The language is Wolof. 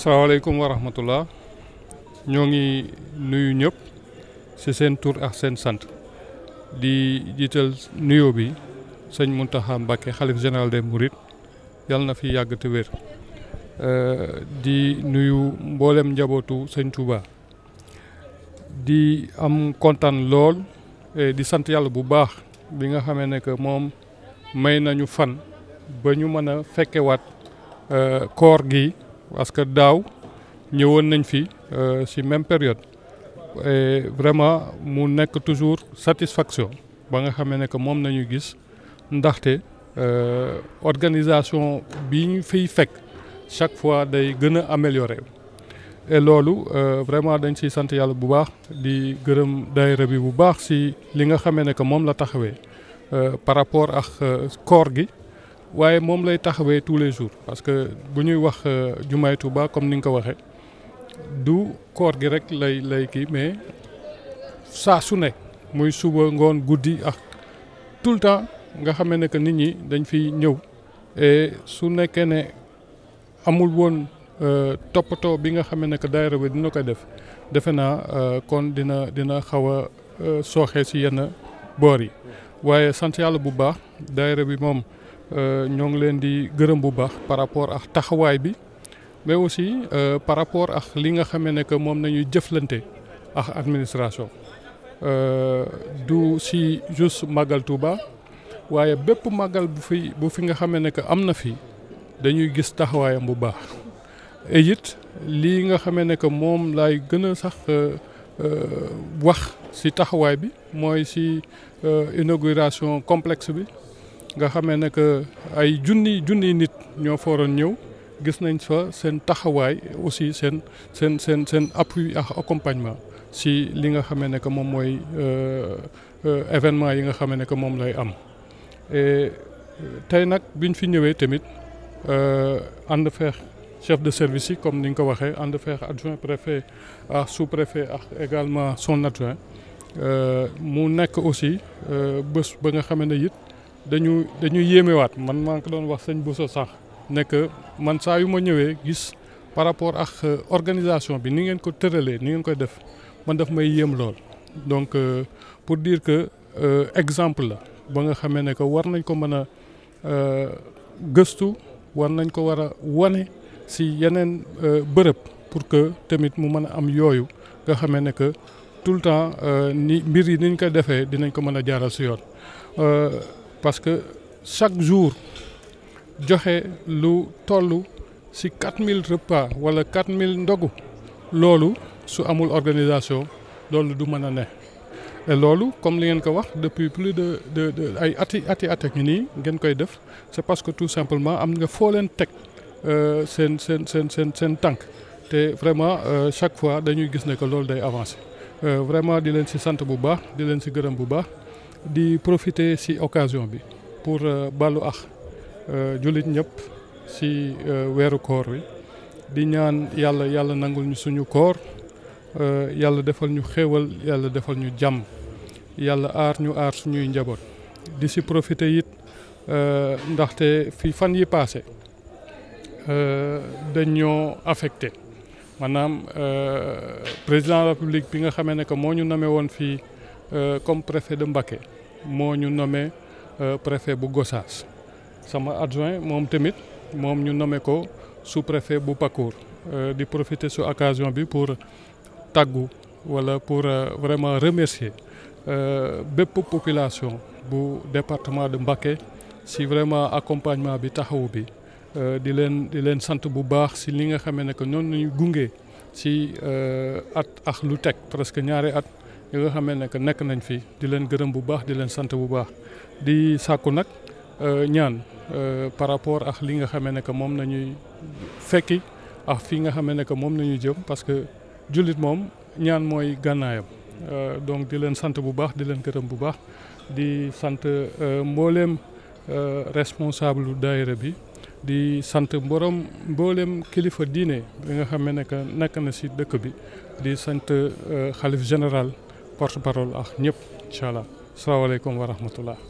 salaamaaleykum wa rahmatullah ñoo ngi nuyu ñëpp ci seen tur ak seen sant di jiital nuyo bi sëñ Mountakha Mbacké xalif général des Mourides yal na fi yàgg te di nuyu mboolem njabootu sëñ Touba di am kontaan lool e, di sant yàlla bu baax bi nga xamee ne que moom may nañu fan ba ñu mën a fekkewaat e, koor gi parce que daaw ñëwoon nañ fi ci euh, même période et vraiment mu nekk toujours satisfaction ba nga xamee ne que moom nañu gis ndaxte euh, organisation bi ñu fiy fekk chaque fois day gën a amélioré et loolu euh, vraiment dañ ciy sant yàlla bu baax di gërëm daayira bi bu baax si li nga xamee ne que moom la taxawee par rapport ak koor gi waaye moom lay taxawee tous les jours parce que bu ñuy wax euh, jumaay Touba comme ni nga ko waxee du koor gi rek lay lay kii mais saa su nekk muy suba ngoon guddi ak tout le temps nga xamee ne que nit ñi dañ fi ñëw et su nekkee ne amul woon euh, toppatoo bi nga xame ne que daayira bi dina koy def defe naa euh, kon dina dina xaw a sooxee si yenn boor yi waaye sant yàlla bu baax daayira bi moom. Euh, ñoo ngi leen di gërëm bu baax par rapport ak taxawaay bi mais aussi euh, par rapport ak li nga xamee ne que moom nañuy jëflante ak administration euh, du si juste màggal Touba waaye bépp màggal bu fi bu fi nga xame ne que am na fi dañuy gis taxawaayam bu baax et it lii nga xamee ne que moom laay gën a sax wax si taxawaay bi mooy si inauguration complexe bi nga xame ne que ay junni junni nit ñoo fooroon ñëw gis nañ sa seen taxawaay aussi seen seen seen seen appui ak accompagnement si li nga xamee ne que moom mooy euh, euh, événement yi nga xamee ne que moom lay am. Euh, tey nag biñ fi ñëwee tamit ànd feex chef de service yi comme ni nga ko waxee ànd feex adjoint préfet ak sous préfet ak également son adjoint mu nekk aussi bés ba nga xamee ne it. dañu dañuy yéemewaat man maa ngi ko doon wax sëñ Bousso sax ne que man saa yu ma ñëwee gis par rapport ak euh, organisation bi ni ngeen ko tëralee ni ngeen koy def man daf may yéem lool donc euh, pour dire que euh, exemple la ba nga xamee ne que war nañ ko mën a gëstu war nañ ko war a wane si yeneen bërëb pour que tamit mu mën a am yooyu nga xamee ne que tout le temps ni mbir yi niñ koy defee dinañ ko mën a jaaral si yoon parce que chaque jour joxe lu toll mille 4000 repas wala mille ndogu loolu su amul organisation loolu du mën a ne loolu comme li ngeen ko wax depuis plus de de de ay ati ati at ngi nii ngeen koy def c'est parce que tout simplement am nga foo leen teg euh, seen seen seen seen seen tànk te vraiment euh, chaque fois dañuy gis ne que loolu day avancer euh, vraiment di leen si sant bu baax di leen si gërëm bu baax. di profité ci occasion bi pour euh, bàllu ax euh, jullit ñëpp ci euh, weeru koor wi di ñaan yàlla yàlla nangul suñu koor yàlla defal ñu xéewal yàlla defal ñu jàmm yàlla aar ñu aar suñuy njaboot di ci profité it ndaxte fi fan yi paase dañoo affecté maanaam président de république bi nga xamee ne que moo ñu name woon fii Euh, comme préfet de Mbacké moo ñu nommé euh, préfet bu Gossas sama adjoint moom tamit moom ñu nommé ko su préfet bu Pakour euh, di profiter su occasion bi pour tàggu wala pour vraiment remercier bépp population bu département de Mbacké si vraiment accompagnement bi taxawu bi di leen di leen sant bu baax si li nga xamee ne que noonu ñu gunge si at ak lu teg presque ñaari at. ñi nga xamee ne nekk nañ fi di leen gërëm bu baax di leen sant bu baax di sakku nag euh, ñaan euh, par rapport ak li nga xamee ne moom nañuy fekki ak fi nga xamee ne moom nañuy jëm parce que jullit moom ñaan mooy gànnaayam euh, donc di leen sant bu baax di leen gërëm bu baax di sant mbooleem responsable daayira bi di sant mborom mbooleem kilifa diine bi nga xamee ne nekk na si dëkk bi di sant xalif général porte parole ak ñëpp incha allah salaamaaleykum wa rahmatullah